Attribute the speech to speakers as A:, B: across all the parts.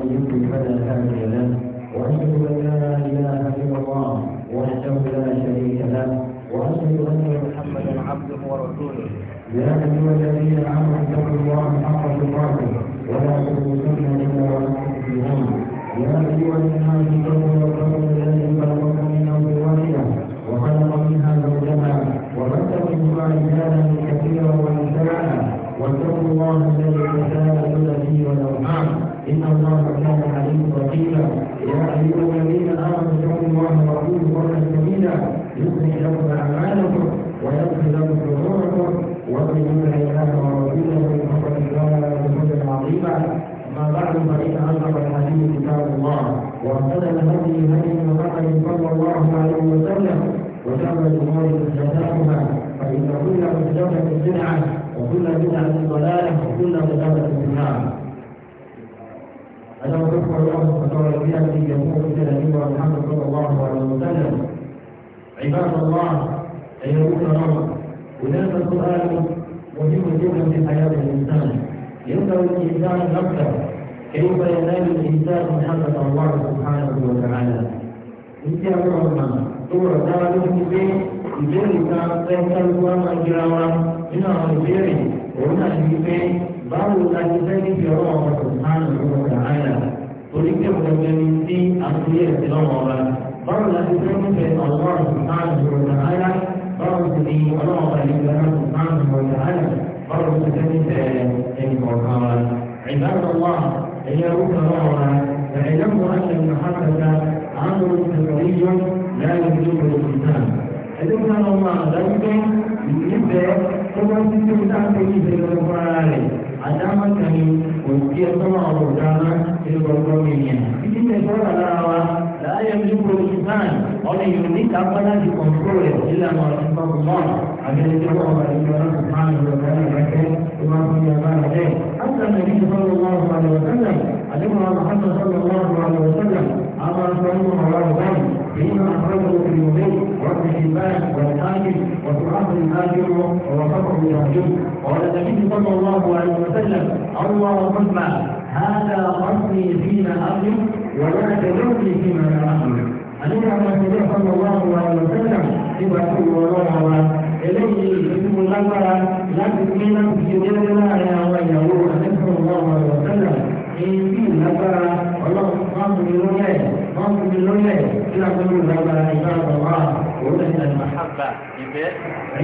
A: ومن فلا هادي له واشهد ان لا اله الا الله وحده لا شريك له واشهد ان محمدا عبده ورسوله يا ايها الذين امنوا اتقوا الله حق تقاته ولا تموتن الا وانتم مسلمون يا ايها الناس اتقوا ربكم أقول قولا سديدا يصلح لكم أعمالكم ويغفر لكم ذنوبكم ومن يطع الله ورسوله فقد فاز فوزا عظيما أما بعد فإن أصدق الحديث كتاب الله وأحسن الهدي هدي محمد صلى الله عليه وسلم وشر الأمور محدثاتها فإن كل محدثة بدعة وكل بدعة ضلالة وكل ضلالة في النار أنا يذكر له فقال بأبي يقول إلى نبينا محمد صلى الله عليه وسلم عباد الله أن يكون رمى وذلك السؤال مهم جدا في حياة الإنسان ينبغي الإنسان نفسه كيف ينال الإنسان محبة الله سبحانه وتعالى Inti aku orang Tuhan cara tu mesti Jadi kita Tengah luar Menjelawan Ini orang beri Orang yang dipilih báwo la ti fẹ́ níbi ọ̀rọ̀ ọ̀rọ̀ ìmáàmù ìwọ̀n ìhàyà oríkè ọ̀gbẹ́ ní sí àkúyè ẹ̀sìn ọ̀rọ̀ ọ̀la báwo la ti fẹ́ níbi ọ̀rọ̀ ìmáàmù ìwọ̀n ìhàyà báwo ti ní ọ̀rọ̀ ọ̀rọ̀ ìmáàmù ìwọ̀n ìhàyà báwo ti fẹ́ níbi ẹ̀yìn ọ̀kan wa. عباد الله هي روح الله فاعلموا ان المحبه امر سري لا يجوز الانسان علمنا الله ذلك níbẹ̀ tó bá ti tó dáńtò ìbẹ̀ lọ fún ara rẹ̀ àdámọ́ kàní kò sí ẹ̀tọ́ máa rọ̀ dáná nínú gbogbo ènìyàn. títí tẹ̀ fọ́nà lára wa láàyè ń dúró ìsán ọ̀nà ìròyìn níta pátá ti kọ̀ǹtró rẹ̀ nílànà ìfọ̀kùnmọ́ àbẹ̀rẹ̀ tó wà wà nínú ọ̀nà ìfọ̀kùnmọ́ ìrọ̀lẹ́ ìrẹ́kẹ́ tó máa fún yàrá rẹ̀. àtàlẹ́ ní ìfọ̀kùnmọ́ ìrọ̀lẹ́ ìrẹ́kẹ́ àdéhùn àwọn àkàtà sọ̀rọ̀ wọn àwọn ọ̀sẹ̀ فيما أخرجه في اليومين وابن حبان والحاكم وتعاقب الهاجر ووصفه برجل قال النبي صلى الله عليه وسلم اللهم هذا قصدي فيما أرجو ولا تدرني فيما لا أرجو أنيها النبي صلى الله عليه وسلم إذا كل وراء إليه اسم الأمر لا تكمينا في جدنا يا ويهود صلى الله عليه وسلم إن في الأمر والله سبحانه وتعالى wọ́n fi mi lórílẹ̀ tí a tó lórí lágbára ìbára wà òun ẹ̀sìn àti màhábà ìfẹ́.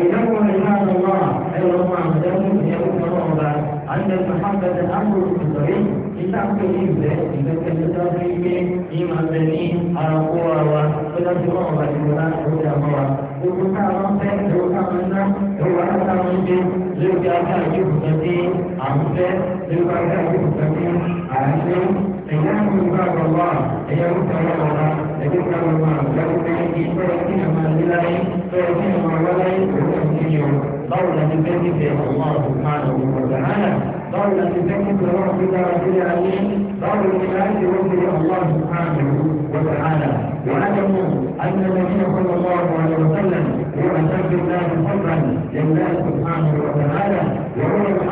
A: ìdáwó ìbára wà ẹ̀rọ ọmọ àmọ̀dáwó ìyẹ̀wò ọmọ ọba àti màhábà ti àgbò ìtọ̀rí ìta tó ní ìfẹ́ ìgbẹ́kẹ̀lé tó fi gbé ìmọ̀ abẹ ní àràkó wa wa tó dá sí ọmọ àti ìwọlá òun àmọ́ wa. gbogbo káwọn fẹ́ ló káwọn ná ló wà láwọn ṣe ló bí a أيام باب الله أيام كلام الله أيام كلام الله لو كان يشبه فيها ما لله فيها ما ولا يستطيع الله سبحانه وتعالى قولا بذلك ربك رب العالمين قول بذلك رب الله سبحانه وتعالى واعلموا أن النبي صلى الله عليه وسلم هو أشد الناس لله سبحانه وتعالى وهو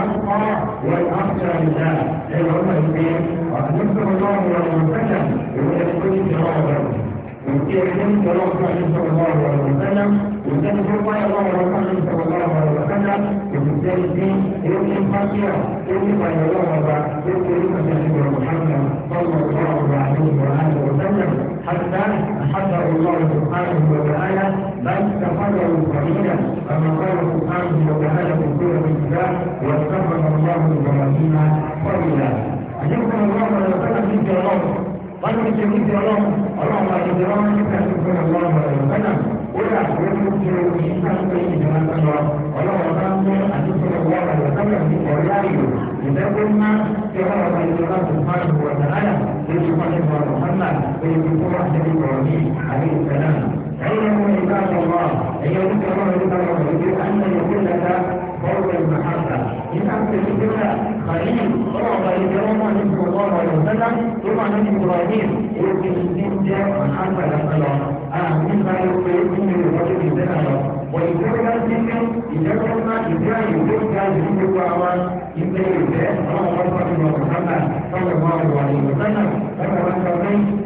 A: وفي حديث رسول صلى الله عليه وسلم وكان فرقا الله رسول صلى الله عليه وسلم وفي الدين يوم الخطيئة يوم قال الله يوم يوم سيدنا محمد صلى الله عليه وآله وسلم حتى حذر الله سبحانه وتعالى بل تفرغوا قليلا كما قال سبحانه وتعالى في سورة الكتاب واتخذ الله إبراهيم خليلا. يمكن الله ní ṣe ní ti ọlọ́run ọlọ́run wa ìjọba wọn ní ká ṣe fún ọlọ́run ọ̀rọ̀ ìgbàna ó yà pé ó ti ṣe oṣù káńpé ìjọba sọ̀rọ̀ ọlọ́run bá ń gbé àtúntò ọwọ́ ọ̀rọ̀ ìgbàna ní ọ̀rẹ́ ayò ìdẹ́gbẹ́ ńlá tí ọlọ́run wa ìjọba tó máa ń wọ̀ ọ̀dáyà lóṣù pàṣẹ ọ̀rọ̀ mọ́nà èyí tó wá ṣe ní ọ̀rọ̀ ní àbí ìfẹ́ náà. ẹ̀yin ọmọ ìgbà ọ̀gbọ̀n ẹ̀yin ọdún tó wọ́n ọdún tó wọ́n ọdún في المحبة إن أنت تذكر خليل صلى الله عليه وسلم صلى الله عليه وسلم ثم من إبراهيم يؤتي الدين جاء محبة للصلاة أنا من لا يؤتي من الرجل الزنا وإذا كان إذا كان إذا يؤتي هذه الدعوات إذا يؤتي الله ربنا محمد صلى الله عليه وسلم فما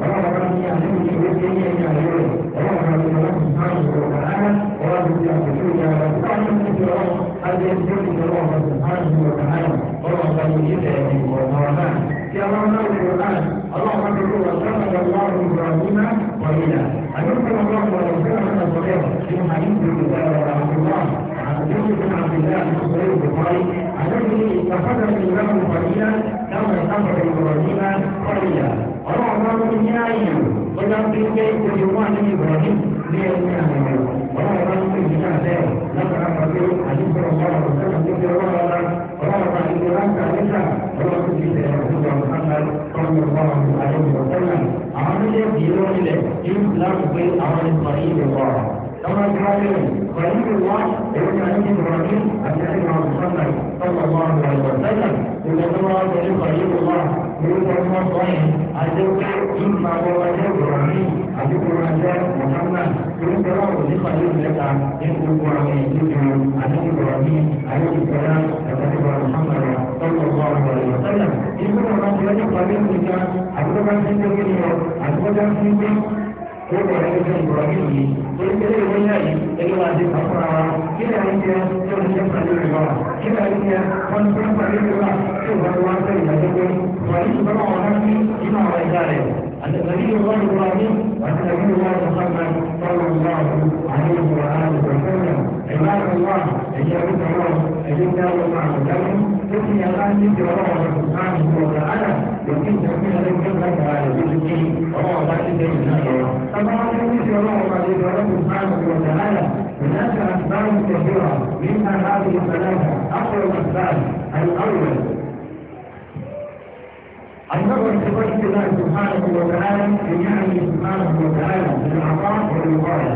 A: رأى رأى يعلمني بالدنيا يعلمني رأى الله سبحانه وتعالى ورد يعلمني ورد يعلمني ajẹ́ tí ó ti lọ́wọ́ ọmọ sùpáàlù ọ̀tàlá ọ̀rọ̀ ọ̀gá yìí tẹ̀ ẹ̀ ọ̀rọ̀ náà tí a máa ń náà wọ̀ náà ọlọ́run ti kó ọ̀sán ọ̀gá ọ̀rọ̀ ìgbàlódé wọ̀nyí náà àdókòwò ọlọ́run ọ̀rọ̀ ìgbàlódé wọ̀nyí náà sallallahu alaihi wa sallam àwọn méjèèjì ló nílẹ̀ tí láti pé àwọn ní sọ yìí lọ. Tọ́lá ti wá lé pẹ̀lú ìwá èrò kan ní ìrọ̀lẹ́ àti ẹ̀rọ ìsọ̀nà sallallahu alaihi wa sallam ìgbà tó wá lọ ní sọ yìí lọ lórúkọ tí wọ́n sọ yìí adéwọ́jẹ́ ìgbà wọ́wọ́jẹ́ ìrọ̀lẹ́ àdúgbòrànjẹ́ mọ̀tánà lórúkọ náà kò ní pàdé ìjẹta ní gbogbo àwọn èyí tó adéwọ́jẹ́ ayélujára ẹ̀fọ́dúnrún mọ̀tánà tọ́lọ́gbọ́ àwọn ìrọ̀lẹ́ ìgbà wọn ti lọ́jọ́ pàdé ìjẹta àdúgbò bá ti ń gbé yọ àdúgbò bá ti ń gbé gbogbo ọ̀rẹ́ ẹgbẹ́ ìgbọ̀rọ̀ yìí torí pé ilé ìwé náà yìí ẹgbẹ́ wa ti kà fúnra wa kí ni àwọn tó ń jẹ́ pàdé ìrọ̀lẹ́ kí إبراهيم بنى نفسه نبي الله إبراهيم وأن نبي الله صلى الله عليه وآله وسلم عباد الله أيام الله أيام الله مع سلامه تبني الآن ذكر سبحانه وتعالى يمكن تكون لم على ذكره وهو ذلك من الله طبعا ذكر الله سبحانه وتعالى هناك أسباب كثيرة منها هذه الثلاثة أقوى الأسباب الأول النظر في وجه الله سبحانه وتعالى لنعمه سبحانه وتعالى بالعطاء والمغاية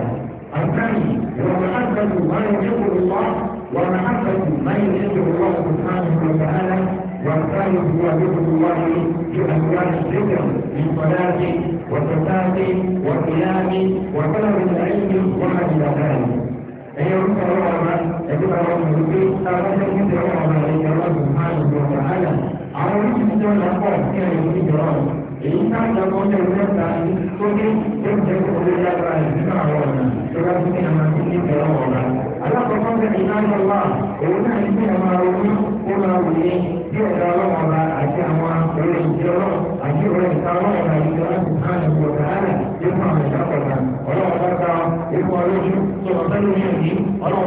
A: الثاني هو محبة ما يحبه الله ومحبة ما يحبه الله سبحانه وتعالى والثالث هو ذكر الله بأنواع الذكر من صلاة وصلاة وقيام وطلب العلم وما إلى ذلك أيها الأخوة الكرام، يجب أن نقول أن الله سبحانه وتعالى àwọn oníṣìṣẹ́ ọ̀nàpọ̀ sí ẹ̀yìn oníjọ́ èyí sáàjọ kan jẹ́ ìrẹ́ta tó ní ẹgbẹ́ orí yára ìdílé àwọn ọ̀nà tó bá ti ní àwọn akíní ìbẹ̀rẹ̀ ọ̀la. alákọ̀ọ́kọ́ bẹ ìlànà wa òun náà ní bí àwọn arúgbó ó máa wù ní bí ọ̀dà ọlọ́wọ́ ọba àti àwọn orí ìjọba àti orí ìta ọlọ́wọ́ ọba ìjọba ti ká ní ọ̀dà àlẹ́ yóò máa wẹ̀ dákọ̀dà ọlọ́wọ́ bá ta ikú ọlọ́jú tọ̀tọ̀ lórí òní ọlọ́wọ́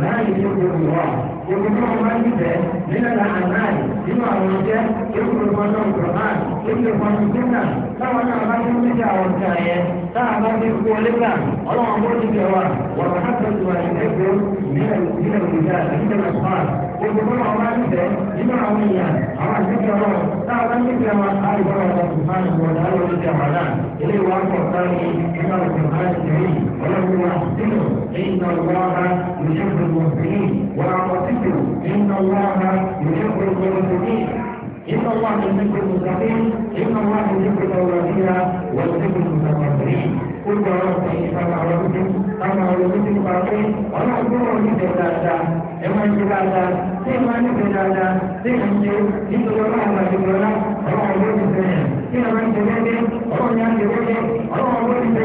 A: ما يحب الله يقولون ما يبدأ من الأعمال بما وجه يقول فن القرآن يقول فن السنة سواء ما يمتع والكاية سواء ما يقول لك الله أمر بالجواب وتحدث ما يحب من من الرجال عند الأشخاص gbogbo tó náà bá nífẹ̀ẹ́ nínú àwọn èèyàn àwọn àgbẹ̀kẹ̀ ọlọ́run náà bá nífẹ̀ẹ́ wọn á ìwọ́n ọ̀rọ̀ ṣùgbọ́n ìwọ̀n náà ló ti jàmbá náà ilé wa pọ̀ sáré nínú ọ̀sán láti rí ọlọ́run wa nínú ẹ̀yìn ọlọ́run yòókù mọ̀sílì wà ọ̀sìtò ẹ̀yìn ọlọ́run yòókù mọ̀sílì إن الله يحب المتقين إن الله يحب الأولين ويحب المتقين gbogbo àwọn ọ̀sẹ̀ yìí bá máa ronú bí bá máa ronú bí pa pé ọ̀nà àgbọ̀rọ̀ nífẹ̀ẹ́ dáadáa ẹ máa ń ṣe dáadáa tí ẹ máa ń nífẹ̀ẹ́ dáadáa tí ẹ ń ṣe nítorí ọlọ́run àti ìrọ̀lá ọlọ́run ló ti fẹ́ tí ẹ máa ń ṣe lẹ́lẹ́ ọlọ́run yá ń ṣe lẹ́lẹ́ ọlọ́run ló ti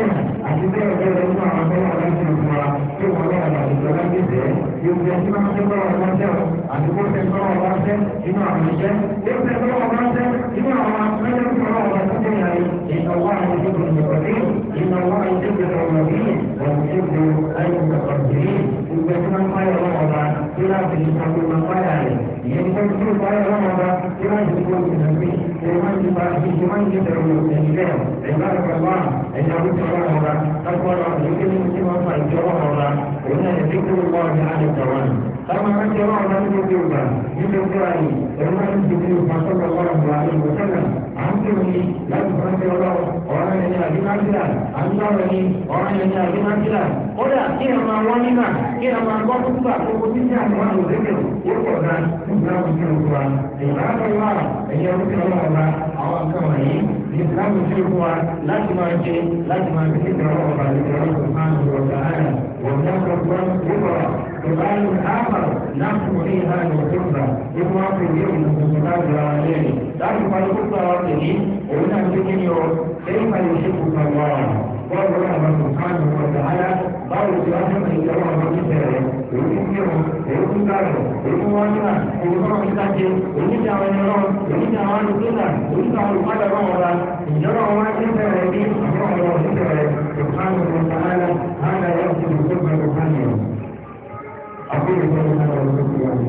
A: àti bẹ́ẹ̀ bẹ́ẹ̀ lọ fún àwọn bẹ́ẹ̀ aláṣẹ fún wa tí wọ́n lọ́wọ́ àlàyé alágbèbẹ́ yóò fi ẹtí máa fẹ́ bọ́ọ̀ aláṣẹ o àti kó fẹ́ bọ́ọ̀ aláṣẹ inú àwọn iṣẹ́ yóò fẹ́ bọ́ọ̀ aláṣẹ inú àwọn akẹ́lẹ́ fún wa wà sí ìyá ìnáwó àwọn ìṣègùn ìgbàlódé ìnáwó àwọn ìṣègùn ìgbàlódé wọ́n ti ṣègùn ayọ̀ ìgbàlódé ìgbà tí wọ́n fáyọ̀ lọ́wọ́ wa tí wọ́n fi ìṣàkóso fáyà rẹ̀ ìyẹn tó ń fún fáyọ̀ lọ́wọ́ wa tí wọ́n ti kó لمن لمن يدعو الإسلام عبادة الله أن يعبد الله تقوى الله يمكن أن يكون الله وهنا ذكر الله عن القرآن أما من جرى عن الوجود من القرآن فمن يدعو صلى الله عليه وسلم عن كونه لا تفرد الله ọ̀rọ̀ ẹni àdúgbàsílà àdúgbàrọ̀ ni ọ̀rọ̀ ẹni àdúgbàsílà kódà kí ẹ máa wọ́n nígbà kí ẹ máa gbọ́ púpà gbogbo títí àwọn àlòdẹ́gbẹ̀ ó pọ̀ náà nígbà òkè òkúra ìgbàlọ́wà ẹ̀yẹ òkè ọlọ́ọ̀la àwọn nǹkan wọ̀nyí nígbà òkè òkúra láti máa jẹ láti máa fi ìgbàlọ́wà ọ̀la ìgbàlọ́wà máa ń lọ sàárà wọ̀n náà kọ́ وقال الآخر نحن فيها الخبرة يقوى في اليوم المتبادل عليه تعرف الخبرة والدين وإنها تجنيه كيف يحبك الله والله سبحانه وتعالى báwo ti wá nípa ìjọba ọmọ ìbẹ̀rẹ̀ èyí mìíràn èyí gbàrẹ̀ èyí wọ́nyà èyí wọ́n ìdájẹ́ èyí ti àwọn ẹ̀rọ èyí ti àwọn alùpùpù èyí ti àwọn olùpadà náà wọ́n ra ìjọba ọmọ ìbẹ̀rẹ̀ ní àwọn ọmọ ìbẹ̀rẹ̀ ìpanu ìpanu ààrẹ ààrẹ ọ̀sẹ̀ ìgbẹ́gbẹ́ ìpanu. àbúrò ìjọba ọmọ ìbẹ̀rẹ̀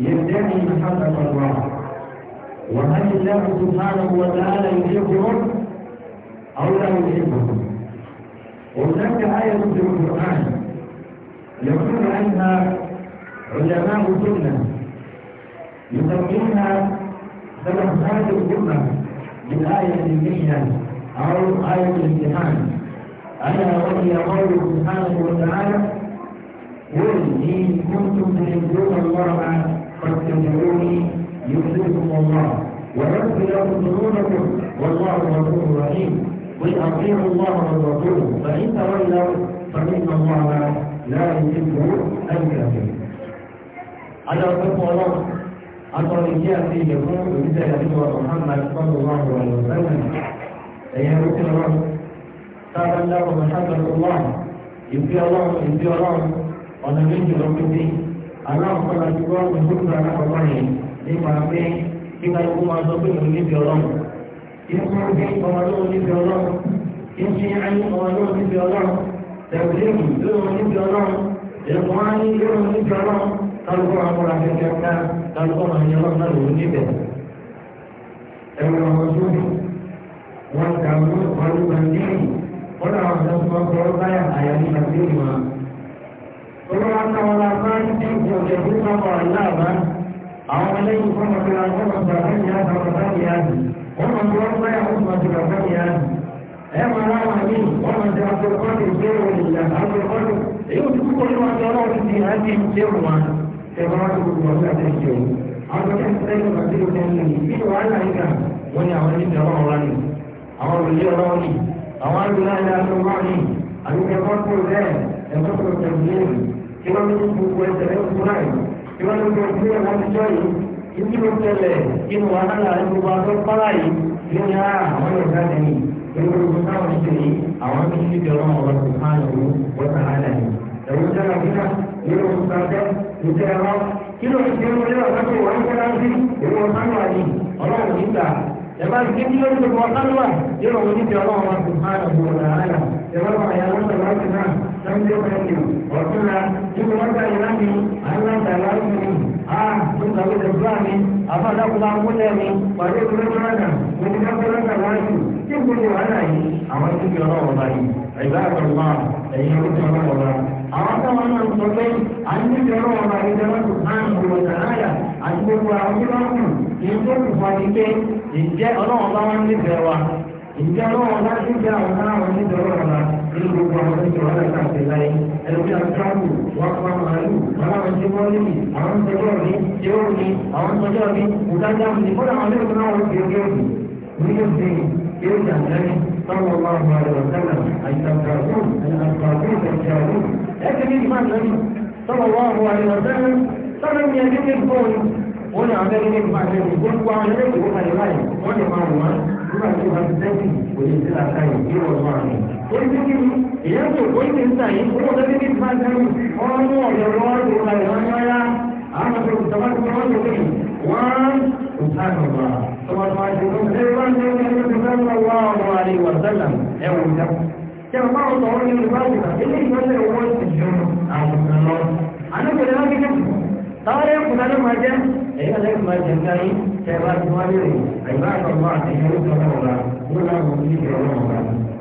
A: يدعي محبة الله وهل الله سبحانه وتعالى يحبهم أو لا يحبهم وهناك آية في القرآن يقول عنها علماء السنة يسمونها سبحات الأمة بالآية المية أو آية الامتحان ألا وهي قوله سبحانه وتعالى قل إن كنتم تحبون الله فاتبعوني يؤذنكم الله ويغفر لكم ذنوبكم والله غفور رحيم قل اطيعوا الله والرسول فان تولوا فان الله لا يحب الكافرين على رب الله أطول إجابة يقول بذلك هو محمد صلى الله عليه وسلم أيها رسول الله تاب الله ومحبة الله يبقى الله يبقى الله ومن يجي ربي aláwọ̀ kọ́lá ti gbọ́ ìdúró alákọ̀ọ́kọ́ yẹn nípa pé kí wọ́n kó máa sọ pé òun níbi ọlọ́run ìfún bí ọmọ lóun níbi ọlọ́run ìfún ayé ọmọ lóun níbi ọlọ́run tẹ̀wéèmù lóun níbi ọlọ́run ẹ̀kọ́ ayé lóun níbi ọlọ́run kálukọ́ akọ́ra kẹ́kẹ́ ká kálukọ́ máa yẹ ọlọ́run náà lòun níbẹ̀ ẹ̀wọ̀n ọmọ sódì wọn kà ń lọ pàlú bàndínì wọn làwọn ọ̀dọ́ tó ń kọ́ báyà àyà ní bàndínì wọn. olùwàkàwọ̀lá báyà sọ́kọ̀ aláàbá àwọn ọlẹ́yìn fọ́nà tó wọn kọ́kọ́ sọ àwọn ìyá sọ̀rọ̀ bá ìyá sí wọ́n mọ̀ tí wọ́n bá yà wọ́n sọ̀rọ̀ sọ̀rọ̀ bá ìyá sí. ẹ mọ̀ láwọn àmì wọ́n mọ̀ tí wọ́n kọ́ lè gbé òun ìyá àwọn ọ̀dọ́ èyí ò ti kúkọ́ ní wọn tọ́lọ́ ti di àti ìṣe wọn ẹ̀rọ àti gbogbo ọ̀sẹ̀ àti ìṣe òun. àwọn ọ̀sẹ̀ ń tẹ́lẹ̀ bàtí ó tẹ́lẹ̀ ní wàhálà ìgbà wọ́n ní àwọn ẹni ọ̀rọ̀ ọ̀rọ̀ ni àwọn òrùlé ọ̀rọ̀ ni àwọn àdúrà ilé àtọ́gbà ni àdúgbò ẹ̀kọ́ tó rẹ̀ ẹ̀kọ́ tó tẹ̀lé tí wọ́n ní gbogbo ẹ̀sẹ̀ lẹ́kùn náà ìwọ́n ló gbé ọdún ẹ̀wọ̀n ti jọ yìí ìdí ló tẹ̀lẹ̀ inú wa náà láti gbogbo àtọ́ pàrà yìí ló ní ara àwọn yorùbá lẹ́yìn ìwé gbogbo táwọn ṣe yìí àwọn tó ṣe jọ náà wọ́n ti máa lò wọ́n ta àlà yìí ẹ̀wọ́n jẹ́ra kíkà ìwé gbogbo tàbẹ́ ìjẹ́ ẹ̀rọ kí ló ti jẹ́ wọlé ọ̀sán tó wà ní kọ́lá sí ìwé ọ̀sán wà yìí ọlọ́run nígbà ẹ̀bá ti kí ló ti wọ́n sánúwà yóò wọ́n ní ti ọlọ́run wa ti máa lò wọ́n ta àlà ẹ̀wọ́n Sunday venue, ọ̀túnla, tí wọ́n gba ìlà mi, aláǹdà láì mi, a tó kàwé lẹ́gbà mi, àbádọ́kùnrin akúnlẹ̀ mi, pàdé ìlú lọ́nà, mo ti ká fẹ́ lọ́nà láì mi, tí mo ti wà náà yìí, àwọn tí mi ọlọ́wọ́ bá yìí, ẹ̀gbá àgbàlùmá, ẹ̀yìn orúkọ ọlọ́wọ́ bá. Àwọn táwọn náà sọ pé a ní ti ọlọ́wọ́ bá yìí jẹ́ lọ́sùn náà ń bọ̀ sàráyà àti gbogbo àwọn tí wọ́n kù kì í tó kù fún ẹni pé ìjẹ́ ọlọ́wọ́ bá wọn nífẹ̀ẹ́ wa ìjọ náà wá sí ìjà àwọn ará wọn nítorí ọ̀la ní gbogbo àwọn ìjọba ẹ̀ka ìṣẹ̀lá yìí ẹ̀rọ̀bí àtúráàbù wọn pa màálù aláwọn tí wọ́n lè àwọn tọjọ́ mi tí ó ní àwọn tọjọ́ mi ìdájọ́ mi ní kódà àwọn ẹ̀rọ náà wọ́n fi ogé òbí ní yóò fi yóò jà lẹ́yìn sọ́wọ́ bá wà lọ sẹ́lẹ̀ àìsàkàrún àìsàkàrún ìjàrún ẹ̀kẹ́ ní ìmá lẹ́yìn sọ́wọ́ bá wà lọ sẹ́lẹ̀ sọ́wọ́ mi ẹ̀dí ní kóòlù wọ́n ní àwọn ẹ̀rí ní ìmá lẹ́yìn gbogbo àwọn ẹ̀rí ìwọ́n àyè láyè wọ́n ní máa wọ́n nígbà tí wọ́n ti dẹ́kun kò ní sí làtà yìí bí wọ́n wà ní. Orí tí ni, ìyá tó kó ní sísà yìí owó tó débi bá dẹ́kun wọ́n mú ọ̀yọ́ lọ́wọ́ tó wà lọ́wọ́ yáyá. Àwọn ọ̀sẹ̀ òṣùwọ̀n tó wọ́n tó kéyìn wọ́n kò sáànù wá. Tọ́wọ́tọ́wọ́ àti ìgbọ̀nsẹ̀ wọ́n tó kéyìn tó sẹ́nu wá ọ̀rọ̀ àlè wàsálà ẹ̀wọ̀n ìjà. Kẹ̀mọ́ báwo sọ̀rọ̀ nínú ìbáṣepọ̀ ilé ìgbọ́nsẹ̀ owó ti ju àwọn ọ̀sán lọ. Àdókòlè lọ́kẹ́kẹ́ táwọn ẹ̀kú lálẹ́ máa jẹ́ ẹ̀yìn alẹ́kùn máa jẹ ká yín tẹ bá ti wá lérè àyíká àkọ́kọ́ àti ìyẹn tó kọ́ ọ̀la wọn náà wọn ní ìbẹ̀rẹ̀ wọn ọ̀la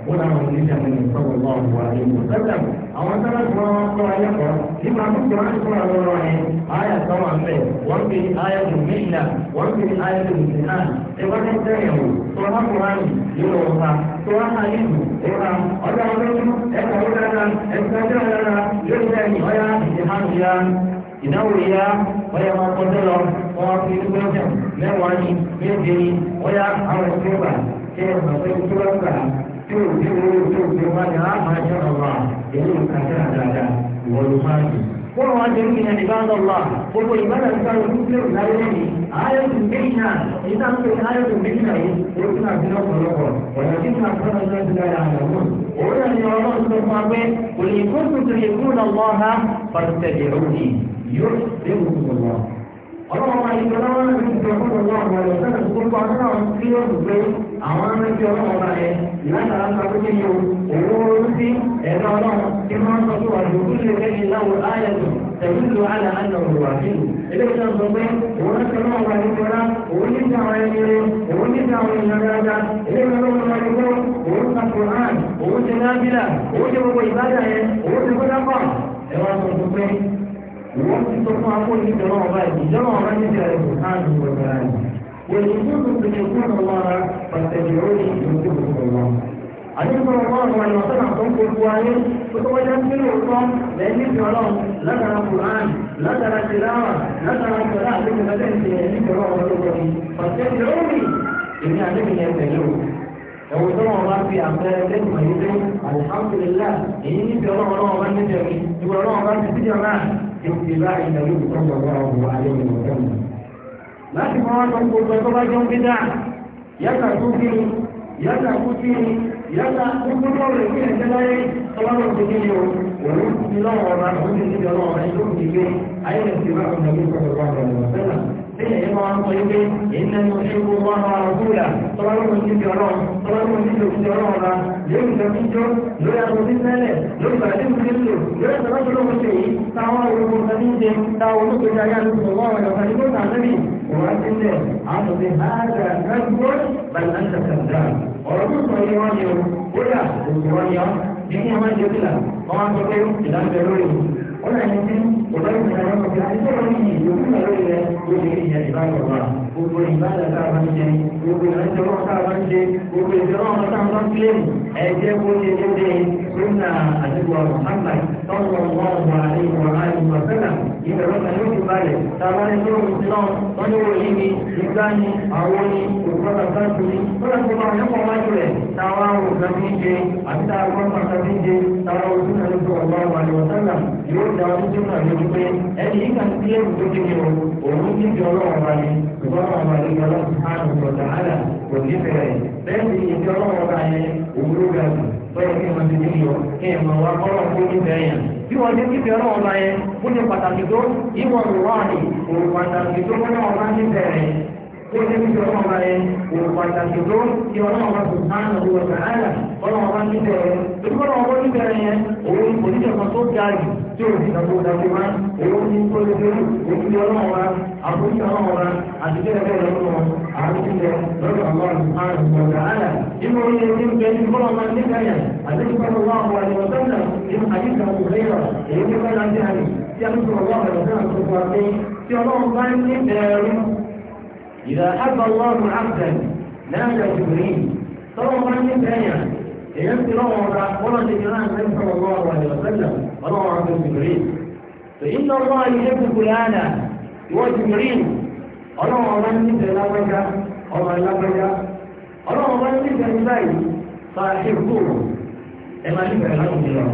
A: wọn náà wọn ní ìjàmbá ní ìfọwọ́ ọ̀la ọ̀la ìwò sẹ́sẹ̀ àwọn sábà tí wọ́n kọ́ ayé kọ́ ní máa tó jọba tó kọ́ra lọ́rọ́ ni ayé fi ayé tó méjìlá wọ́n fi tó méjìlá ẹ wò tó wá kó wá ní yóò wọ́n fa tó wá ká yín wò ó ra ọjọ́ ọdún ẹ̀ka ó dára ẹ̀ka ó dára yóò tẹ́yìn ọ̀yá ìdíhàn ìyá ìdáwó ìyá ọ̀yá máa kọjọ́ lọ wọ́n fi dúró jẹ̀ mẹ́wàá ní méje ní bóyá àwọn ìṣe gbà ṣe ìrọ̀lẹ́ tí wọ́n gbà tí ò tí ò tí ò tí ó bá àmà ẹ̀jẹ̀ ọ̀rọ̀ èyí ò kà sí àdáadáa ìwọ ló máa ń wọ́n wá jẹ́ ìrìn àdìbá lọ́wọ́ gbogbo ìbára ìgbà ojú tí ó láyé lẹ́yìn ayélujú méjìlá ìdá ń pè ayélujú méjìlá yìí ó tún àbí lọ́pọ̀lọpọ̀ ọ̀nà tí kò àkọ́kọ́ lọ́jọ́ ti lára àlọ́mọ́ òun náà ni ọlọ́run tó fún abẹ́ òní kó tuntun yẹ kó lọ́wọ́ ha pàṣẹ ìròyìn yóò dé gbogbo lọ́wọ́ ọlọ́run máa yẹ lọ́wọ́ ní ti ọkọ̀ lọ́wọ́ àwọn ọ̀rẹ́ sẹ́nà tó kọ́ náà tí ó dùn pé àwọn ẹgbẹ́ ọlọ́run máa yẹ látara ń sọ pé yóò owó orí pé wọ́n ti sọ fún akó ní ìjọba ọba yìí ìjọba ọba yìí ti àìsàn káàdì ìwọ̀n náà wọ́n ti sọ fún ìpínlẹ̀ fún ọba ara pàtàkì orí ìdòwò ìwọ̀n àdínkù ọgbọ́n àwọn ọ̀nà ọ̀sán àkókò gbogbo ayé tó tó wájá sí lóòótọ́ lẹ́yìn ìfẹ́ ọlọ́run látara quran látara tìláwà látara ìfẹ́lá àdínkù lọ́sẹ̀ ìfẹ́ ẹ̀yìn ìfẹ́ ọlọ́run lóko ni pàtẹ́kì lórí èmi àdínkù yẹn pẹ̀lú ẹ̀wọ̀n tó wọn bá fi àpẹẹrẹ lẹ́yìn ìwọ̀nyí pé alihamudulilá èyí ní ìfẹ́ ọlọ́run اتباع النبي صلى الله عليه وسلم láti máa wọ́n gbogbo ẹ̀kọ́ bá jọ ń bí dáa yàtà kúkìrì yàtà kúkìrì yàtà kúkúrò rẹ̀ kí ẹ̀jẹ̀ láyé ọlọ́run ti kí ni o òun ti lọ́wọ́ ọ̀la òun ti ti lọ́wọ́ ọ̀la ìlú ti gbé ayé ẹ̀sìn bá ọ̀nà ní ìfọ̀sọ̀kọ̀ ọ̀la ìwọ̀sẹ́là lẹ́yìn ẹ̀yẹ́ máa ń sọ wípé èyí lẹ́nu ṣe kó wá máa rọ̀ kúrò tọ́lọ́rùn ní ìjọ ọlọ́run tọ́lọ́rùn ní ìjọ ọlọ́run ra yóò ń jọ kíjọ́ lórí aṣọ sí sẹ́lẹ̀ lórí ìgbàlẹ́ ìgbàlẹ́ ìlò lórí ìgbàlẹ́ ìlò lórí ṣe yìí táwọn ológun kan ní ṣe táwọn ológun ní ayé àlùkò wọ́n wọ́n lọ́kàn nígbó tà lórí òwá sí ilẹ̀ àwọn òbí ààrẹ àgbẹ̀gbọ́ bàtà ń ṣàkàndà ọ̀rọ̀ tó sọ yìí wọ́n ni ó kódà òṣùwọ́n ni ọ́ ní kí wọ́n jẹ́ bílà wọ́n lè ní sí ọ̀dọ́ ìgbìmọ̀ rẹ̀ táwa wò fẹ́ fi ṣe àti táwa gbọ́ máa fẹ́ fi ṣe táwa wò fún ẹni tó ọgbà ọgbà ni wọ́n sẹ́nà yóò dá ọdún tó náà lójú pé ẹni yìí kan sí èrò tó kéde o òun ní ti ọlọ́run ọba ni ṣùgbọ́n ọba ni ọlọ́run sùpáàlù ọ̀dà àlà kò ní bẹ̀rẹ̀ bẹ́ẹ̀ ni ìṣẹ́ ọlọ́run ọba yẹn òun ga jù bẹ́ẹ̀ kí wọ́n ti ní yọ kí ẹ̀ mọ̀ wá ọlọ́run bí wọ́n ti ní bẹ̀rẹ̀ ọba yẹn ó ní pàtàkì tó ìwọ̀n ìwọ́n ni òun pàtàkì tó wọ́n náà wá ní bẹ̀rẹ̀ ó ti fi ọmọ ọba rẹ òun pàtàkì tó ti ọmọ ọba tó máa ń lọ wọ̀ta àlà ọmọ ọba ní bẹ̀rẹ̀ ìdúgbò ọmọ ọba ní bẹ̀rẹ̀ yẹn òun oníṣẹ́ kan tó ga jù tí ò sì dàgbò dàgbò máa òun ní kó lè dé òun ọmọ ọba àbúrò ọmọ ọba àti bẹ́ẹ̀ bẹ́ẹ̀ lọ́wọ́ àbúrò lọ́wọ́ àwọn àbúrò wọ̀ta àlà inú orí ẹni ń bẹ ní bẹ̀rẹ̀ إذا أبى الله عبدا نادى جبريل ترى من الثانية ينسي روعه ولا جبران النبي صلى الله عليه وسلم روعه عبد جبريل فإن الله يحب فلانا وجبريل روعه من مثل لا رجع وما لا رجع روعه من مثل البيت فأحبوه إما يفعل لهم جبريل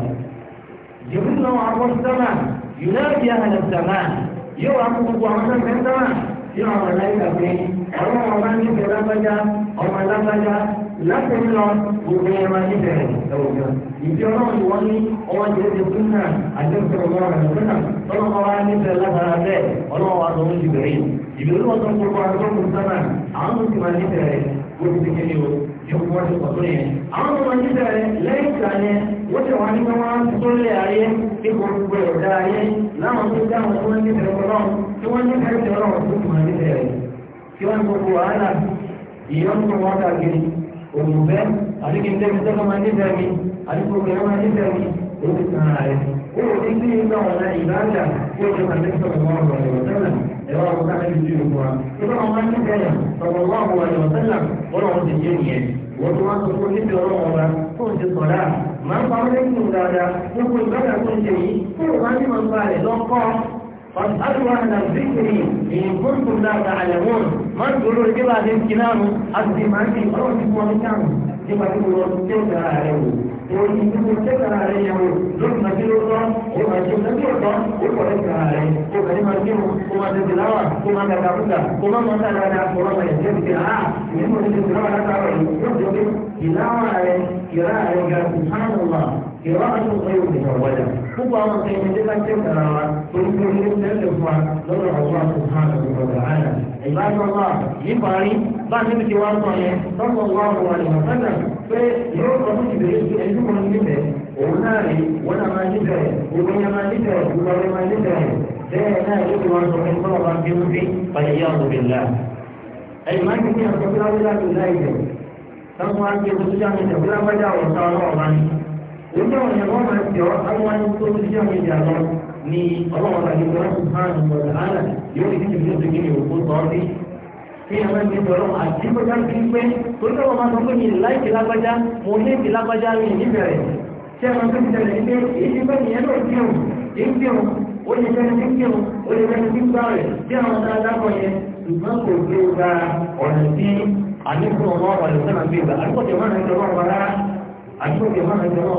A: جبريل روعه السماء ينادي أهل السماء يوعى قبوة عمسان في السماء sí ọmọ aláìka pé àwọn ọmọ nífẹ̀ẹ́ lágbájá ọmọ lágbájá láti ń lọ gbogbo ẹ̀rọ nífẹ̀ẹ́ ẹ̀wọ̀n. ìdí ọlọ́run ni wọ́n ní ọwọ́ jẹ́ ti fún náà àjẹsọ̀ ọlọ́run rẹ̀ fún náà ọlọ́run wa nífẹ̀ẹ́ lágbára bẹ́ẹ̀ ọlọ́run wa lọ́wọ́ ti bẹ̀rẹ̀ ìlú ọlọ́run tó ń gbogbo ìwọ ti pọ̀ tó yẹn. àwọn tó wọn jíjẹ rẹ lẹ́yìn ìgbà yẹn wọ́n ti wọn nígbà wọn tó lé ayé ipò gbogbo ẹ̀dá ayé láwọn tó dá àwọn tó wọn jíjẹ ọlọ́run tí wọ́n jíjẹ ọlọ́run tó tún wọn jíjẹ rẹ. kí wọ́n gbogbo wàhálà ìyọ́n tó wọ́n kàkiri òmùfẹ́ àti kí n tẹ́ mi tẹ́kọ̀ máa jíjẹ mi àti gbogbo ẹ̀rọ máa jíjẹ mi òun ti sàn án rẹ̀. ó wò ní kí n ẹ̀rọ àwọn káfí ti dùn fún wa nígbà wọn máa ń tún kẹyà ọ̀pọ̀ wọn àwọn ọ̀rọ̀ sẹ́là wọn àwọn ti jẹ́ nìyẹn wọ́n tún wá sọ fún níbi ọ̀rọ̀ wọn wa tó ń ti sọ̀rọ̀ à máa ń pamọ́ lẹ́kùn dáadáa gbogbo ìgbàgbà tó ń jẹ yìí tó o bá ní wọn bá rẹ̀ lọ́kọ́ فاسألوا أهل الذكر إن كنتم لا ما تقولوا كده عشان كلامه ما أنت أروح تسمع كلامه كده òní nínú kẹtàrà rẹ yẹn o lórí màjí ló tán o màjí o nàbí o tán o kọ̀ọ̀rẹ́ kàrà rẹ o kàní ma bí o o ma tètè láwà o ma gàdà kúta o ma mọ̀ náà dáadáa o ma mọ̀ ẹ̀jẹ̀ tètè ha ìyẹn mo tètè láwà látàrọ̀ yìí yóò tó dé ìláwà rẹ ìrà rẹ ga sùpánùmá ìrọ̀ àtúntò tó yóò tẹ̀sán wọ́jà púpọ̀ àwọn kẹ̀yìn tí wọ́n ti kàrà wa orúkọ ilé tẹ́lẹ̀ fún wa lọ́dọ̀ àwọn àtúntò ọ̀gá àyà ìbáṣọ́ wa yípa rí bá a ti ti wá sọ yẹn lọ́sọ̀ wá wọ pé yóò sọ fún ìbéèrè sí ẹjú wọn níbẹ̀ òun náà rí wọn náà máa níbẹ̀ òun yẹn máa níbẹ̀ òun lọ́wọ́ máa níbẹ̀ bẹ́ẹ̀ náà yóò fi wọn sọ fún ìfọ́nà bá bí wọ́n fi pàyẹ́yà òbílà. ẹ̀yìn máa ń gbé ọ̀sán bí wọ́n láti láì jẹ̀ táwọn máa ń gbé oṣù sí àwọn ìjọba lágbájá ọ̀sán ọlọ́run máa ń ojú àwọn máa ń jẹ́ àwọn bí ẹ̀rọ ẹ̀mí tọ̀rọ̀ àdìgbọ́já ti pé torí káwọn máa sọ pé mi láìsí lágbájá mo ní èdè lágbájá mi níbẹ̀rẹ̀ tí ẹ̀rọ tó ti tẹ̀lé pé èyí pé mi ẹ̀rọ ìgbéhùn ìgbéhùn ó lè fẹ́ni tí gbéhùn ó lè fẹ́ni tí gbá rẹ̀ tí àwọn ọ̀dà adágbọ̀ yẹn ṣùgbọ́n kò gbé gba ọ̀nà tí àníkùn ọmọ ọ̀rọ̀ sẹ́nà gbé gbà àdúgbò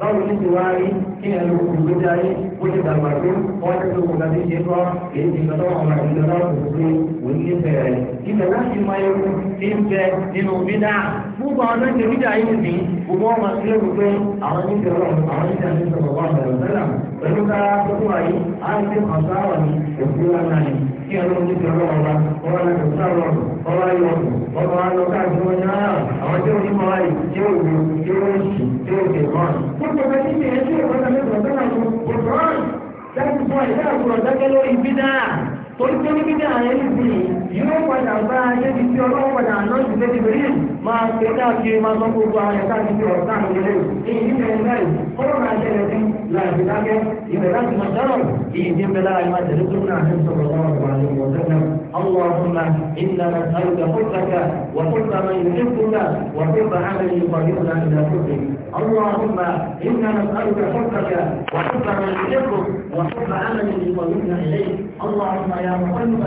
A: báwo ní ti wá rí kí ẹnu òkùnkùn ló darí ó ti dàgbà tó wọn ti tó kùn láti ṣe kọ́ èyí ti lọ́dọ̀ ọmọ àti lọ́dọ̀ òkùnkùn wò ní bẹ̀rẹ̀ ilẹ̀ wọ́n ti mọ ewu ti ń bẹ nínú bídà gbogbo àwọn tó ń ṣe bídà yìí ní gbogbo ọmọ sí ewu pé àwọn ní ti rọrùn àwọn ní ti àti sọ̀rọ̀ wà bẹ̀rẹ̀ sẹ́là pẹ̀lú kára tó kù wáyé á ń ṣe kàn sáwà ní òkú wa náà ní kí ẹnu ní ti rọrùn ọba ọba ní kò sáwà ọba yọ̀ ọ̀dùn gbọ́dọ̀ dákẹ́ lórí bídà torí pé ní bídà yẹn ti yóò padà bá ayé ti fi ọlọ́wọ́ padà náà ju lébi rí máa ṣe káàkiri máa sọ gbogbo ayé káàkiri ọ̀tá ìrẹ̀lẹ̀ èyí ní ẹ̀rọ náà kọ́lọ́ máa ṣẹlẹ̀ sí láti dákẹ́ ibẹ̀ láti máa dáhùn èyí ti bẹ̀rẹ̀ láì máa tẹ̀lé tó náà ní sọ̀rọ̀ اللهم إنا نسألك حبك وحب من يحبك وحب عمل يقربنا إلى حبك اللهم إنا نسألك حبك وحب من يحبك وحب عمل يقومنا إليه اللهم يا مقلب